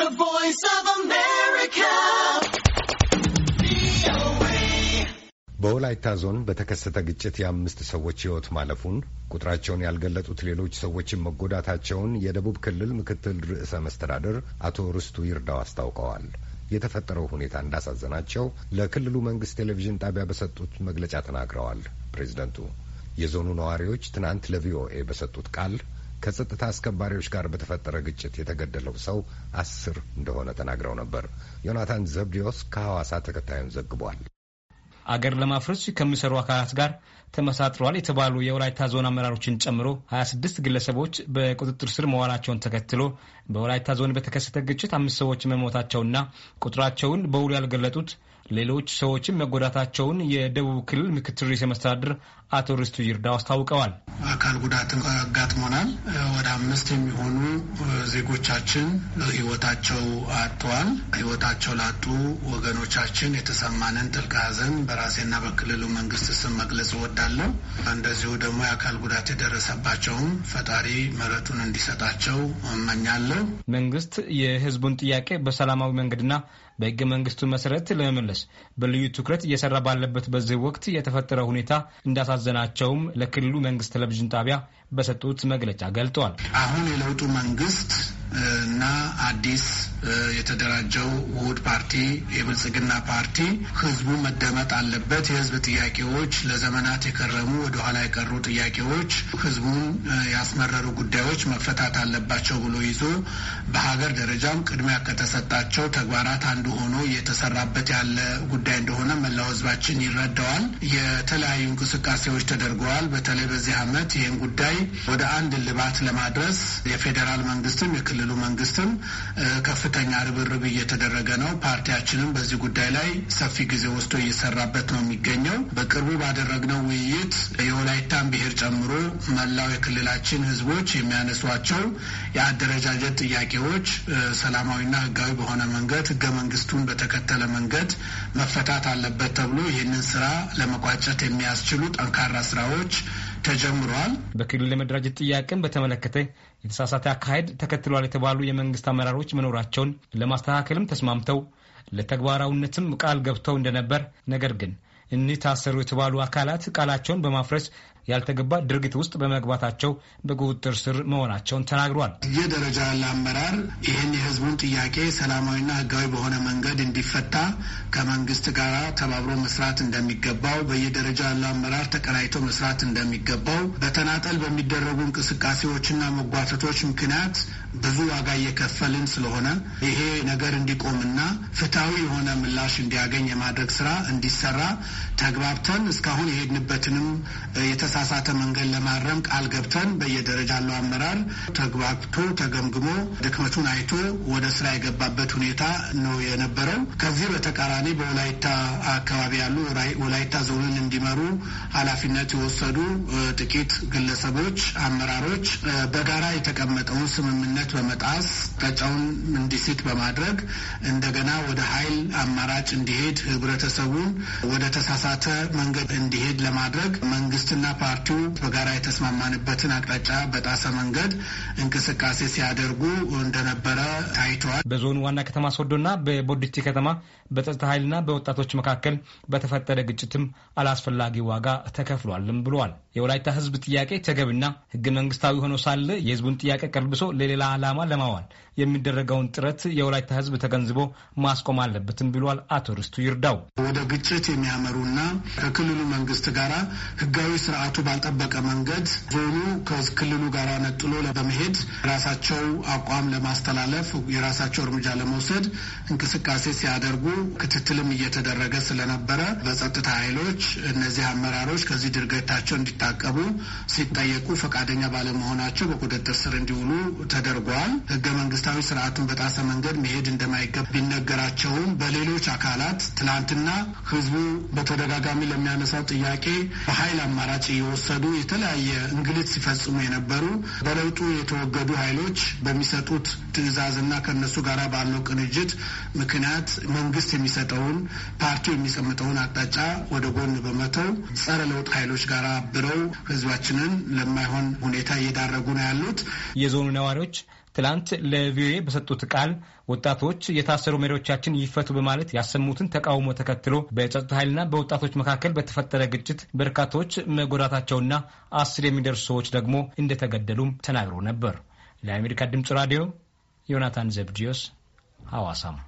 The Voice of America. በወላይታ ዞን በተከሰተ ግጭት የአምስት ሰዎች ሕይወት ማለፉን ቁጥራቸውን ያልገለጡት ሌሎች ሰዎችን መጎዳታቸውን የደቡብ ክልል ምክትል ርዕሰ መስተዳደር አቶ ርስቱ ይርዳው አስታውቀዋል። የተፈጠረው ሁኔታ እንዳሳዘናቸው ለክልሉ መንግስት ቴሌቪዥን ጣቢያ በሰጡት መግለጫ ተናግረዋል። ፕሬዝደንቱ የዞኑ ነዋሪዎች ትናንት ለቪኦኤ በሰጡት ቃል ከጸጥታ አስከባሪዎች ጋር በተፈጠረ ግጭት የተገደለው ሰው አስር እንደሆነ ተናግረው ነበር። ዮናታን ዘብዲዮስ ከሐዋሳ ተከታዩን ዘግቧል። አገር ለማፍረስ ከሚሰሩ አካላት ጋር ተመሳጥሯል የተባሉ የወላይታ ዞን አመራሮችን ጨምሮ 26 ግለሰቦች በቁጥጥር ስር መዋላቸውን ተከትሎ በወላይታ ዞን በተከሰተ ግጭት አምስት ሰዎች መሞታቸውና ቁጥራቸውን በውሉ ያልገለጡት ሌሎች ሰዎችም መጎዳታቸውን የደቡብ ክልል ምክትል ርዕሰ መስተዳድር አቶ ርስቱ ይርዳው አስታውቀዋል። አካል ጉዳት አጋጥሞናል። ወደ አምስት የሚሆኑ ዜጎቻችን ህይወታቸው አጥተዋል። ህይወታቸው ላጡ ወገኖቻችን የተሰማንን ጥልቅ ሐዘን በራሴና በክልሉ መንግስት ስም መግለጽ እወዳለሁ። እንደዚሁ ደግሞ የአካል ጉዳት የደረሰባቸውም ፈጣሪ ምሕረቱን እንዲሰጣቸው እመኛለሁ። መንግስት የህዝቡን ጥያቄ በሰላማዊ መንገድና በህገ መንግስቱ መሰረት ለመመለስ በልዩ ትኩረት እየሰራ ባለበት በዚህ ወቅት የተፈጠረ ሁኔታ እንዳሳዘናቸውም ለክልሉ መንግስት ቴሌቪዥን ጣቢያ በሰጡት መግለጫ ገልጠዋል። አሁን የለውጡ መንግስት እና አዲስ የተደራጀው ውሁድ ፓርቲ የብልጽግና ፓርቲ ህዝቡ መደመጥ አለበት። የህዝብ ጥያቄዎች ለዘመናት የከረሙ ወደኋላ የቀሩ ጥያቄዎች፣ ህዝቡን ያስመረሩ ጉዳዮች መፈታት አለባቸው ብሎ ይዞ በሀገር ደረጃም ቅድሚያ ከተሰጣቸው ተግባራት አንዱ ሆኖ እየተሰራበት ያለ ጉዳይ እንደሆነ መላው ህዝባችን ይረዳዋል። የተለያዩ እንቅስቃሴዎች ተደርገዋል። በተለይ በዚህ ዓመት ይህን ጉዳይ ወደ አንድ ልባት ለማድረስ የፌዴራል መንግስትም የክልሉ መንግስትም ከፍ ከፍተኛ ርብርብ እየተደረገ ነው። ፓርቲያችንም በዚህ ጉዳይ ላይ ሰፊ ጊዜ ወስዶ እየሰራበት ነው የሚገኘው። በቅርቡ ባደረግነው ውይይት የወላይታን ብሔር ጨምሮ መላው የክልላችን ህዝቦች የሚያነሷቸው የአደረጃጀት ጥያቄዎች ሰላማዊና ህጋዊ በሆነ መንገድ ህገ መንግስቱን በተከተለ መንገድ መፈታት አለበት ተብሎ ይህንን ስራ ለመቋጨት የሚያስችሉ ጠንካራ ስራዎች ተጀምረዋል። በክልል የመደራጀት ጥያቄን በተመለከተ የተሳሳተ አካሄድ ተከትሏል የተባሉ የመንግስት አመራሮች መኖራቸውን ለማስተካከልም ተስማምተው ለተግባራዊነትም ቃል ገብተው እንደነበር ነገር ግን እኒህ ታሰሩ የተባሉ አካላት ቃላቸውን በማፍረስ ያልተገባ ድርጊት ውስጥ በመግባታቸው በቁጥጥር ስር መሆናቸውን ተናግሯል። የደረጃ ያለ አመራር ይህን የህዝቡን ጥያቄ ሰላማዊና ህጋዊ በሆነ መንገድ እንዲፈታ ከመንግስት ጋር ተባብሮ መስራት እንደሚገባው፣ በየደረጃ ያለ አመራር ተቀናይቶ መስራት እንደሚገባው፣ በተናጠል በሚደረጉ እንቅስቃሴዎችና መጓተቶች ምክንያት ብዙ ዋጋ እየከፈልን ስለሆነ ይሄ ነገር እንዲቆምና ፍትሐዊ የሆነ ምላሽ እንዲያገኝ የማድረግ ስራ እንዲሰራ ተግባብተን እስካሁን የሄድንበትንም በተሳሳተ መንገድ ለማረም ቃል ገብተን በየደረጃ ያለው አመራር ተግባብቶ ተገምግሞ ድክመቱን አይቶ ወደ ስራ የገባበት ሁኔታ ነው የነበረው። ከዚህ በተቃራኒ በወላይታ አካባቢ ያሉ ወላይታ ዞንን እንዲመሩ ኃላፊነት የወሰዱ ጥቂት ግለሰቦች፣ አመራሮች በጋራ የተቀመጠውን ስምምነት በመጣስ ቀጫውን እንዲስት በማድረግ እንደገና ወደ ኃይል አማራጭ እንዲሄድ ህብረተሰቡን ወደ ተሳሳተ መንገድ እንዲሄድ ለማድረግ መንግስትና ፓርቲው በጋራ የተስማማንበትን አቅጣጫ በጣሰ መንገድ እንቅስቃሴ ሲያደርጉ እንደነበረ ታይተዋል። በዞኑ ዋና ከተማ ሶዶና በቦዲቲ ከተማ በጸጥታ ኃይልና በወጣቶች መካከል በተፈጠረ ግጭትም አላስፈላጊ ዋጋ ተከፍሏልም ብለዋል። የወላይታ ህዝብ ጥያቄ ተገቢና ህገ መንግስታዊ ሆኖ ሳለ የህዝቡን ጥያቄ ቀልብሶ ለሌላ ዓላማ ለማዋል የሚደረገውን ጥረት የወላይታ ህዝብ ተገንዝቦ ማስቆም አለበትም ብሏል። አቶ ርስቱ ይርዳው ወደ ግጭት የሚያመሩና ከክልሉ መንግስት ጋር ህጋዊ ስርዓት ስርዓቱ ባልጠበቀ መንገድ ዞኑ ከክልሉ ጋር ነጥሎ በመሄድ የራሳቸው አቋም ለማስተላለፍ የራሳቸው እርምጃ ለመውሰድ እንቅስቃሴ ሲያደርጉ ክትትልም እየተደረገ ስለነበረ በጸጥታ ኃይሎች እነዚህ አመራሮች ከዚህ ድርገታቸው እንዲታቀቡ ሲጠየቁ ፈቃደኛ ባለመሆናቸው በቁጥጥር ስር እንዲውሉ ተደርጓል። ህገ መንግስታዊ ስርዓቱን በጣሰ መንገድ መሄድ እንደማይገባ ቢነገራቸውም በሌሎች አካላት ትናንትና ህዝቡ በተደጋጋሚ ለሚያነሳው ጥያቄ በኃይል አማራጭ የወሰዱ የተለያየ እንግልት ሲፈጽሙ የነበሩ በለውጡ የተወገዱ ኃይሎች በሚሰጡት ትዕዛዝና ከነሱ ጋር ባለው ቅንጅት ምክንያት መንግስት የሚሰጠውን ፓርቲው የሚቀምጠውን አቅጣጫ ወደ ጎን በመተው ጸረ ለውጥ ኃይሎች ጋር ብለው ህዝባችንን ለማይሆን ሁኔታ እየዳረጉ ነው ያሉት የዞኑ ነዋሪዎች ትላንት ለቪኦኤ በሰጡት ቃል ወጣቶች የታሰሩ መሪዎቻችን ይፈቱ በማለት ያሰሙትን ተቃውሞ ተከትሎ በጸጥታ ኃይልና በወጣቶች መካከል በተፈጠረ ግጭት በርካቶች መጎዳታቸውና አስር የሚደርሱ ሰዎች ደግሞ እንደተገደሉም ተናግሮ ነበር። ለአሜሪካ ድምፅ ራዲዮ ዮናታን ዘብዲዮስ ሐዋሳም